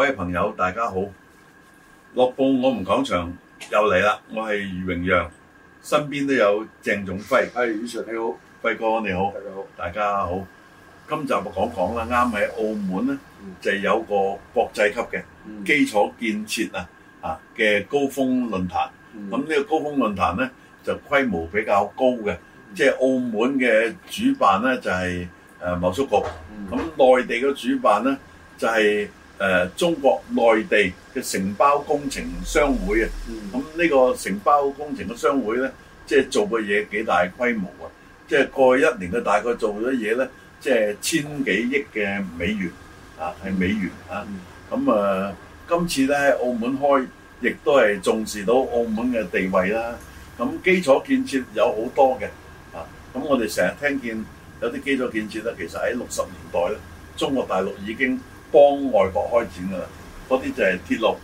各位朋友，大家好！樂報我們講場又嚟啦，我係余榮讓，身邊都有鄭仲輝。係，主席你好，輝哥你好，大家好，大家好。今集講講啦，啱喺澳門咧，就係有個國際級嘅基礎建設啊，啊嘅高峰論壇。咁呢個高峰論壇咧，就規模比較高嘅，即係澳門嘅主辦咧就係誒，貿促局。咁內地嘅主辦咧就係。誒中國內地嘅承包工程商會啊，咁呢個承包工程嘅商會咧，即係做嘅嘢幾大規模啊，即係過去一年，佢大概做咗嘢咧，即係千幾億嘅美元啊，係美元啊，咁啊，今次咧澳門開，亦都係重視到澳門嘅地位啦。咁基礎建設有好多嘅啊，咁我哋成日聽見有啲基礎建設咧，其實喺六十年代咧，中國大陸已經。幫外國開展㗎喇，嗰啲就係鐵路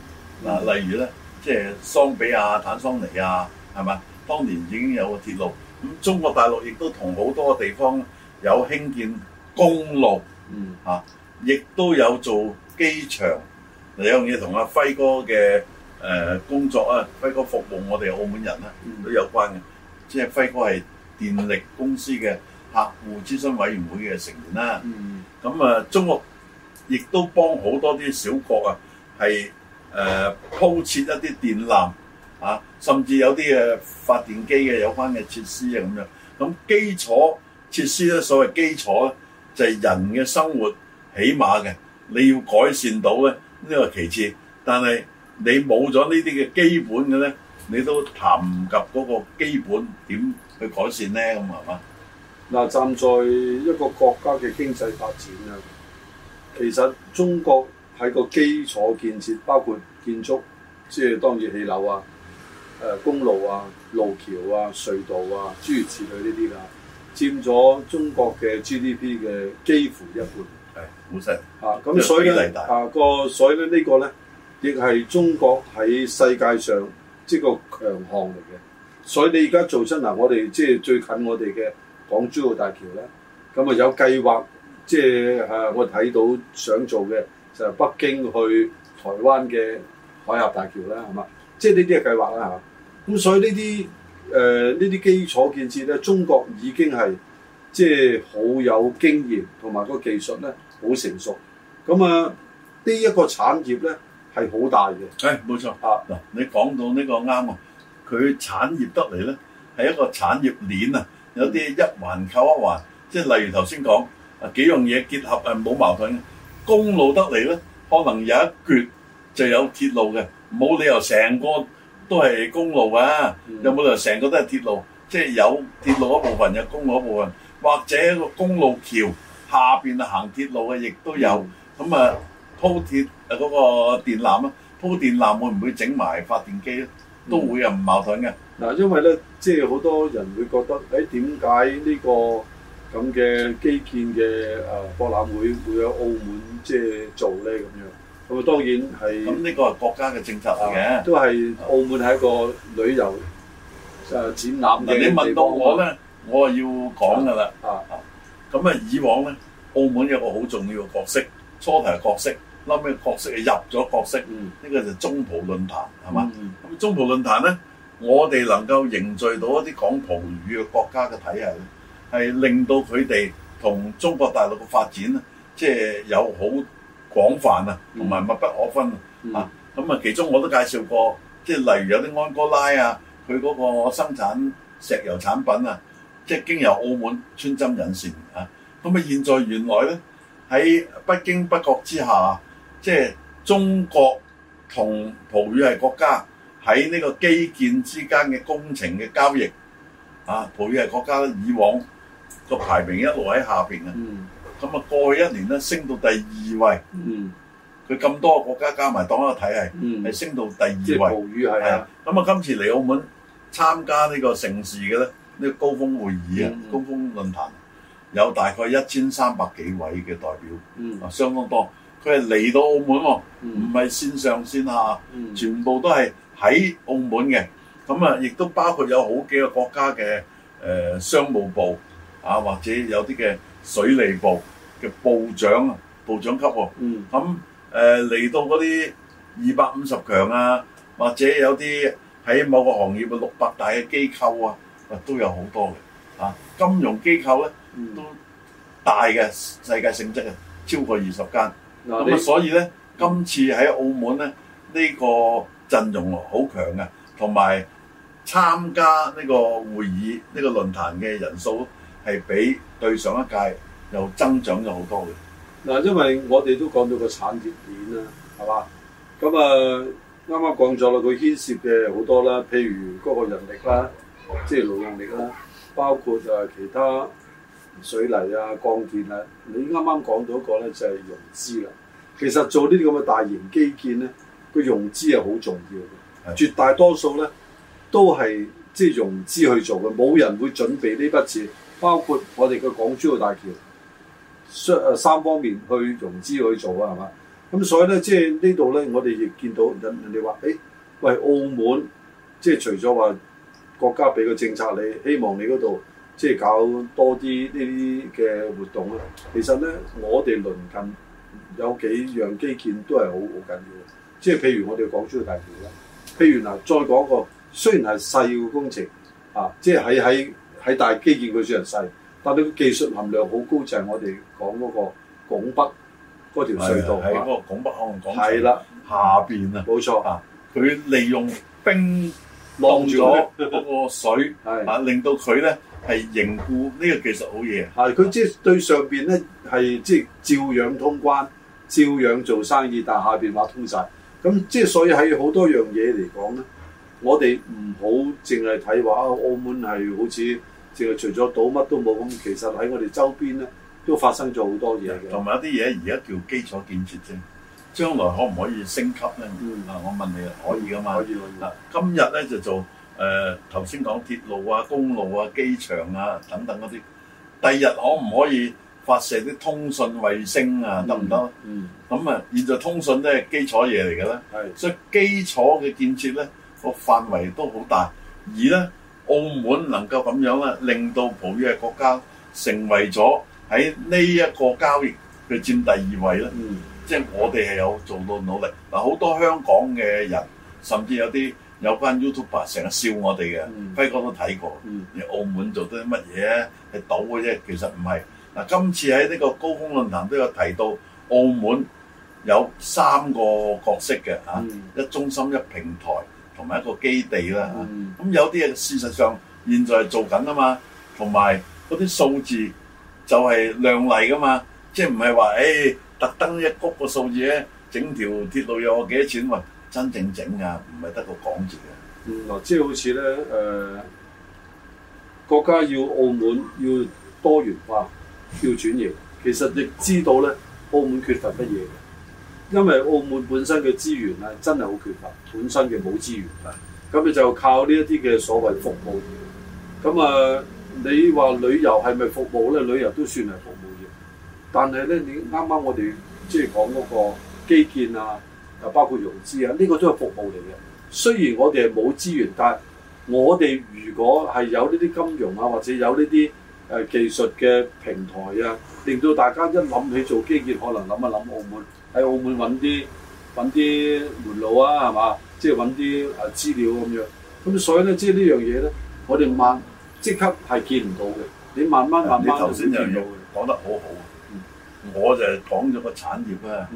嗱，嗯、例如咧，即、就、係、是、桑比亞、坦桑尼亞，係咪？當年已經有個鐵路，咁中國大陸亦都同好多個地方有興建公路，嗯嚇，亦、啊、都有做機場。嗱，有樣嘢同阿輝哥嘅誒、呃、工作啊，輝哥服務我哋澳門人啦，嗯、都有關嘅。即、就、係、是、輝哥係電力公司嘅客戶諮詢委員會嘅成員啦。咁啊、嗯，中國。亦都幫好多啲小國啊，係誒、呃、鋪設一啲電纜啊，甚至有啲嘅發電機嘅有關嘅設施啊咁樣。咁基礎設施咧，所謂基礎咧，就係、是、人嘅生活起碼嘅，你要改善到咧呢個其次。但係你冇咗呢啲嘅基本嘅咧，你都談唔及嗰個基本點去改善咧咁係嘛。嗱，站在一個國家嘅經濟發展啊。其實中國喺個基礎建設，包括建築，即係當然係樓啊、誒、呃、公路啊、路橋啊、隧道啊諸如此類呢啲啦，佔咗中國嘅 GDP 嘅幾乎一半。係，冇錯。嚇、啊，咁是所以咧，大啊個所以咧呢個咧，亦係中國喺世界上即係個強項嚟嘅。所以你而家做真嗱、呃，我哋即係最近我哋嘅港珠澳大橋咧，咁啊有計劃。即係誒，我睇到想做嘅就係、是、北京去台灣嘅海峽大橋啦，係嘛？即係呢啲嘅計劃啦，嚇。咁所以呢啲誒呢啲基礎建設咧，中國已經係即係好有經驗同埋個技術咧，好成熟。咁啊，呢、這、一個產業咧係好大嘅。誒、哎，冇錯啊！嗱，你講到呢個啱啊，佢產業得嚟咧係一個產業鏈啊，有啲一,一環扣一環，即係例如頭先講。幾樣嘢結合係冇矛盾嘅，公路得嚟呢，可能有一撅就有鐵路嘅，冇理由成個都係公路啊，有冇理由成個都係鐵路？即係有鐵路一部分，有公路一部分，或者個公路橋下邊啊，行鐵路嘅，亦都有咁啊鋪鐵啊嗰個電纜啊，鋪電纜會唔會整埋發電機咧？都會啊，唔矛盾嘅。嗱，因為呢，即係好多人會覺得，誒點解呢個？咁嘅基建嘅誒，博覽會會有澳門即係做咧咁樣，咁啊當然係。咁呢個係國家嘅政策嚟、啊、嘅、啊，都係澳門係一個旅遊誒展覽、嗯、你問到我咧，我啊要講噶啦、啊。啊啊，咁啊以往咧，澳門有個好重要嘅角色，初頭係角色，冧咩角色啊？入咗角色，呢個就中葡論壇係嘛？咁、嗯、中葡論壇咧，我哋能夠凝聚到一啲講葡語嘅國家嘅體系。係令到佢哋同中國大陸嘅發展，即係有好廣泛啊，同埋密不可分、mm hmm. 啊。咁啊，其中我都介紹過，即係例如有啲安哥拉啊，佢嗰個生產石油產品啊，即係經由澳門穿針引線啊。咁啊，現在原來咧喺不經不覺之下，即係中國同葡語系國家喺呢個基建之間嘅工程嘅交易啊，葡語系國家咧以往，個排名一路喺下邊嘅，咁啊過去一年咧升到第二位，佢咁多個國家加埋當一個體系，係升到第二位。即係係啊！咁啊，今次嚟澳門參加呢個城市嘅咧，呢個高峰會議啊，高峰論壇有大概一千三百幾位嘅代表，啊相當多。佢係嚟到澳門喎，唔係線上線下，全部都係喺澳門嘅。咁啊，亦都包括有好幾個國家嘅誒商務部。啊，或者有啲嘅水利部嘅部長、啊，部長級喎、啊。嗯。咁誒嚟到嗰啲二百五十強啊，或者有啲喺某個行業嘅六百大嘅機構啊，啊都有好多嘅。啊，金融機構咧、啊、都大嘅世界性質啊，超過二十間。咁這啊，所以咧，今次喺澳門咧，呢、呢個陣容好強嘅，同埋參加呢個會議呢、呢個論壇嘅人數係比對上一屆又增長咗好多嘅。嗱，因為我哋都講到個產業鏈啦，係嘛？咁啊，啱啱講咗啦，佢牽涉嘅好多啦，譬如嗰個人力啦，即係勞動力啦，包括就係其他水泥啊、鋼鐵啊。你啱啱講到一個咧，就係融資啦。其實做呢啲咁嘅大型基建咧，個融資係好重要嘅，的絕大多數咧都係即係融資去做嘅，冇人會準備呢筆錢。包括我哋嘅港珠澳大橋，相誒三方面去融資去做啊，係嘛？咁所以咧，即係呢度咧，我哋亦見到人人哋話：誒、欸，喂，澳門即係除咗話國家俾個政策，你希望你嗰度即係搞多啲呢啲嘅活動咧。其實咧，我哋鄰近有幾樣基建都係好好緊要，即係譬如我哋港珠澳大橋啦。譬如嗱，再講個雖然係細嘅工程，啊，即係喺喺。喺大基建佢算係細，但係佢技術含量好高，就係、是、我哋講嗰個拱北嗰條隧道喺嗰的的個拱北口岸，拱橋的下邊面啊，冇錯啊，佢利用冰凍咗嗰個水啊，的令到佢咧係凝固，呢個技術好嘢啊！佢即係對上邊咧係即係照樣通關，照樣做生意，但係下邊話通晒。咁即係所以喺好多樣嘢嚟講咧，我哋唔好淨係睇話澳門係好似～除咗賭乜都冇咁，其實喺我哋周邊咧都發生咗好多嘢嘅。同埋一啲嘢而家叫基礎建設啫，將來可唔可以升級咧？嗱、嗯，我問你可以噶嘛？可以嗱，以以以今日咧就做誒頭先講鐵路啊、公路啊、機場啊等等嗰啲，第二日可唔可以發射啲通訊衛星啊？得唔得？嗯。咁啊、嗯，現在通訊都係基礎嘢嚟嘅啦。係是。所以基礎嘅建設咧、個範圍都好大，而咧。呢澳門能夠咁樣啦，令到葡語嘅國家成為咗喺呢一個交易嘅佔第二位啦。即係、嗯、我哋係有做到努力嗱，好多香港嘅人，甚至有啲有班 YouTube 成日笑我哋嘅，輝哥、嗯、都睇過。你、嗯、澳門做得乜嘢咧？係賭嘅啫，其實唔係。嗱，今次喺呢個高峰論壇都有提到，澳門有三個角色嘅嚇，嗯、一中心一平台。同埋一個基地啦嚇，咁、嗯、有啲嘢事實上現在，在做緊啊嘛，同埋嗰啲數字就係亮麗噶嘛，即係唔係話誒特登一谷個數字咧，整條鐵路又幾多錢喎？真正整㗎，唔係得個講字嘅。嗱、嗯，即係好似咧誒，國家要澳門要多元化，要轉移，其實亦知道咧，澳門缺乏乜嘢。嗯因為澳門本身嘅資源咧，真係好缺乏，本身嘅冇資源啊，咁你就靠呢一啲嘅所謂服務業。咁啊，你話旅遊係咪服務咧？旅遊都算係服務業。但係咧，你啱啱我哋即係講嗰個基建啊，啊包括融資啊，呢、這個都係服務嚟嘅。雖然我哋係冇資源，但係我哋如果係有呢啲金融啊，或者有呢啲誒技術嘅平台啊，令到大家一諗起做基建，可能諗一諗澳門。喺澳門揾啲揾啲門路啊，係嘛，就是？即係揾啲啊資料咁樣。咁所以咧，即係呢樣嘢咧，我哋慢即刻係見唔到嘅。你慢慢慢慢頭先就嘅。講得好好。嗯。我就係講咗個產業啦。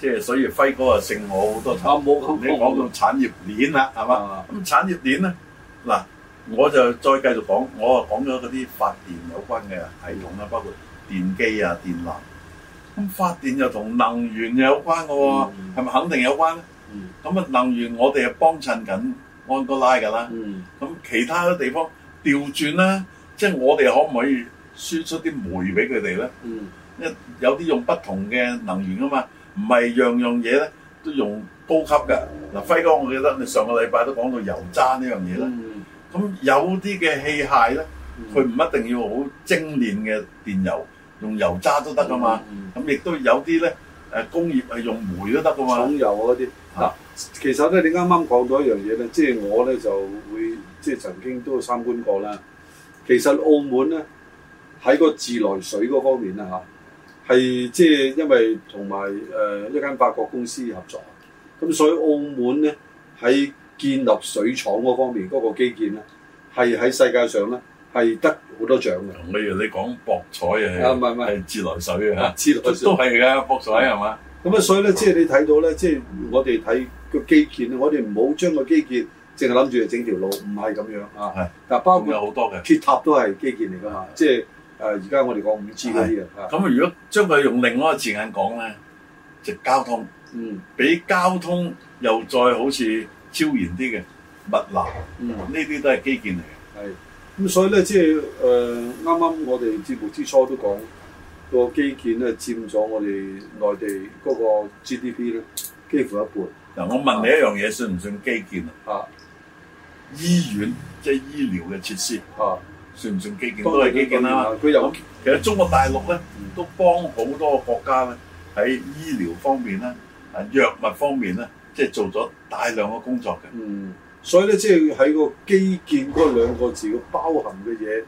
即係所以輝哥啊勝我好多。啊冇。你講到產業鏈啦，係嘛？咁產業鏈咧，嗱，我就再繼續講，我啊講咗嗰啲發電有關嘅系統啦，包括電機啊、電纜。電咁發電又同能源有關嘅喎，係咪肯定有關咧？咁啊能源我哋啊幫襯緊安哥拉㗎啦，咁其他嘅地方調轉啦，即係我哋可唔可以輸出啲煤俾佢哋咧？因為有啲用不同嘅能源啊嘛，唔係樣樣嘢咧都用高級嘅。嗱輝哥，我記得你上個禮拜都講到油渣呢樣嘢啦，咁有啲嘅器械咧，佢唔一定要好精煉嘅電油。用油渣都得㗎嘛，咁、嗯、亦、嗯、都有啲咧，誒工業係用煤都得㗎嘛。重油嗰啲嗱，啊、其實咧你啱啱講到一樣嘢咧，即、就、係、是、我咧就會即係、就是、曾經都參觀過啦。其實澳門咧喺個自來水嗰方面啦嚇，係即係因為同埋誒一間法國公司合作，咁所以澳門咧喺建立水廠嗰方面嗰個基建咧，係喺世界上咧。係得好多獎嘅，例如你講博彩啊，唔係自來水啊，都係㗎，博彩係嘛？咁啊，所以咧，即係你睇到咧，即係我哋睇個基建，我哋唔好將個基建淨係諗住整條路，唔係咁樣啊。但，包括有好多嘅鐵塔都係基建嚟㗎，吓，即係誒而家我哋講五 G 嗰啲啊。咁啊，如果將佢用另外一個字眼講咧，就交通，嗯，比交通又再好似超然啲嘅物流，嗯，呢啲都係基建嚟嘅，係。咁所以咧，即係誒啱啱我哋節目之初都講個基建咧，佔咗我哋內地嗰個 GDP 咧幾乎一半。嗱，我問你一樣嘢，啊、算唔算基建？啊、基建啊？啊吓，醫院即係醫療嘅設施啊，算唔算基建？都係基建啦。佢有其實中國大陸咧，都幫好多國家咧喺醫療方面咧、啊藥物方面咧，即係做咗大量嘅工作嘅。嗯。所以咧，即係喺個基建嗰兩個字，個包含嘅嘢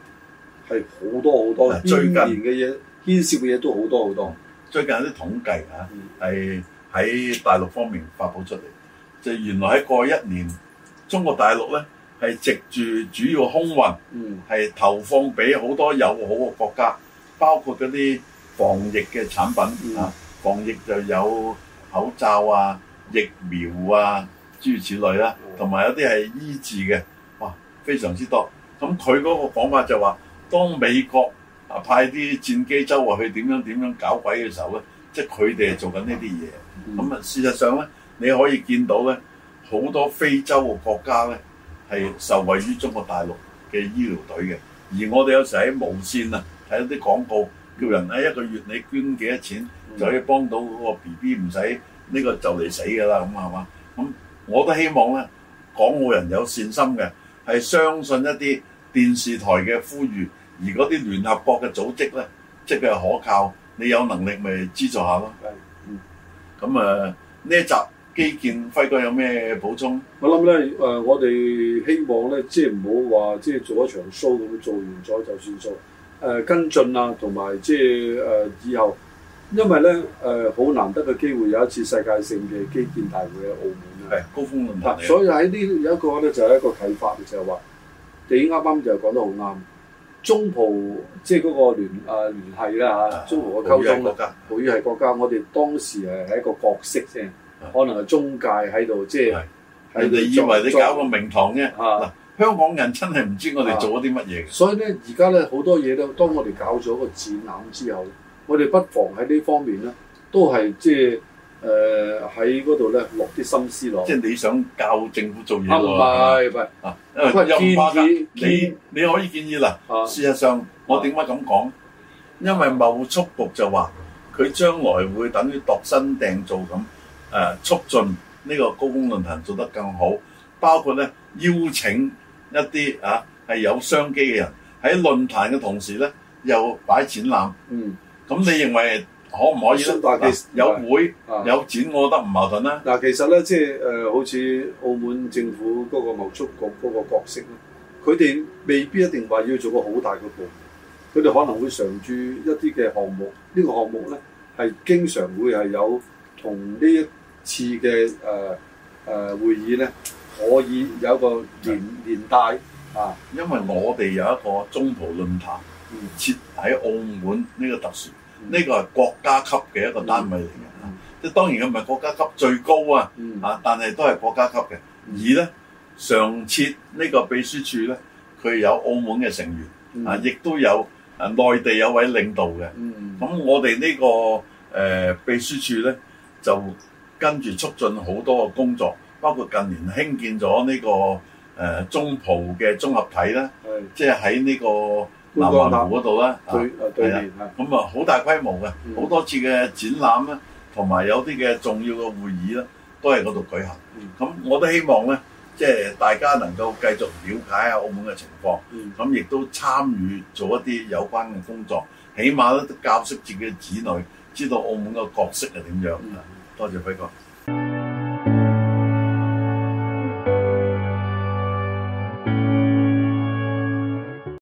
係好多好多，最近年嘅嘢、牽、嗯、涉嘅嘢都好多好多。最近有啲統計啊，係喺、嗯、大陸方面發佈出嚟，就原來喺過去一年，中國大陸咧係藉住主要空運，嗯，係投放俾好多友好嘅國家，包括嗰啲防疫嘅產品、嗯、啊，防疫就有口罩啊、疫苗啊。諸如此類啦，同埋有啲係醫治嘅，哇，非常之多。咁佢嗰個講法就話，當美國啊派啲戰機周圍去點樣點樣搞鬼嘅時候咧，即係佢哋係做緊呢啲嘢。咁啊，事實上咧，你可以見到咧，好多非洲嘅國家咧係受惠於中國大陸嘅醫療隊嘅。而我哋有時喺無線啊睇一啲廣告，叫人喺一個月你捐幾多錢就可以幫到嗰個 BB 唔使呢個就嚟死㗎啦，咁係嘛，咁。我都希望咧，港澳人有善心嘅，係相信一啲電視台嘅呼籲，而嗰啲聯合國嘅組織咧，即係可靠，你有能力咪資助下咯。係。嗯，咁啊，呢一集基建輝哥有咩補充呢我呢？我諗咧，誒，我哋希望咧，即係唔好話即係做一場 show 咁，做完咗就算數。誒、呃，跟進啊，同埋即係誒、呃、以後，因為咧誒好難得嘅機會，有一次世界性嘅基建大會喺澳門。係高峰論壇，所以喺呢度有一個咧，就係一個啟發嘅，就係話你啱啱就講得好啱，中葡即係嗰個聯啊聯繫啦嚇，中葡嘅溝通啦，葡語系國家，國家是我哋當時誒係一個角色先，是可能係中介喺度，即係人哋以為你搞個名堂啫。嗱是，香港人真係唔知我哋做咗啲乜嘢。所以咧，而家咧好多嘢都當我哋搞咗個展覽之後，我哋不妨喺呢方面咧，都係即係。誒喺嗰度咧落啲心思落，即係你想教政府做嘢喎，唔啊，因為巴建議你，你可以建議啦。啊、事實上，我點解咁講？因為貿促局就話佢將來會等於度身訂造咁誒、啊，促進呢個高峰論壇做得更好，包括咧邀請一啲啊係有商機嘅人喺論壇嘅同時咧，又擺展覽。嗯，咁你認為？可唔可以咧？嗯啊、有會、啊、有展、啊、我覺得唔矛盾啦。嗱、啊，其實咧，即係誒，好似澳門政府嗰個貿促局嗰個角色咧，佢哋未必一定話要做個好大嘅部門，佢哋可能會常駐一啲嘅項目。這個、項目呢個項目咧，係經常會係有同呢一次嘅誒誒會議咧，可以有一個連、嗯、連帶啊。因為我哋有一個中葡論壇，設喺澳門呢個特殊。呢個係國家級嘅一個單位嚟嘅，即係當然佢唔係國家級最高啊嚇，嗯、但係都係國家級嘅。嗯、而咧，上設呢個秘書處咧，佢有澳門嘅成員啊，亦、嗯、都有啊內地有位領導嘅。咁、嗯、我哋呢、這個誒、呃、秘書處咧，就跟住促進好多嘅工作，包括近年興建咗呢、這個誒、呃、中葡嘅綜合體啦，即係喺呢個。南灣湖嗰度啦，係，咁啊好大規模嘅，好、嗯、多次嘅展覽啦，同埋有啲嘅重要嘅會議啦，都喺嗰度舉行。咁、嗯、我都希望咧，即、就、係、是、大家能夠繼續了解下澳門嘅情況，咁亦、嗯、都參與做一啲有關嘅工作，起碼都教識自己嘅子女知道澳門嘅角色係點樣。嗯、多謝輝哥。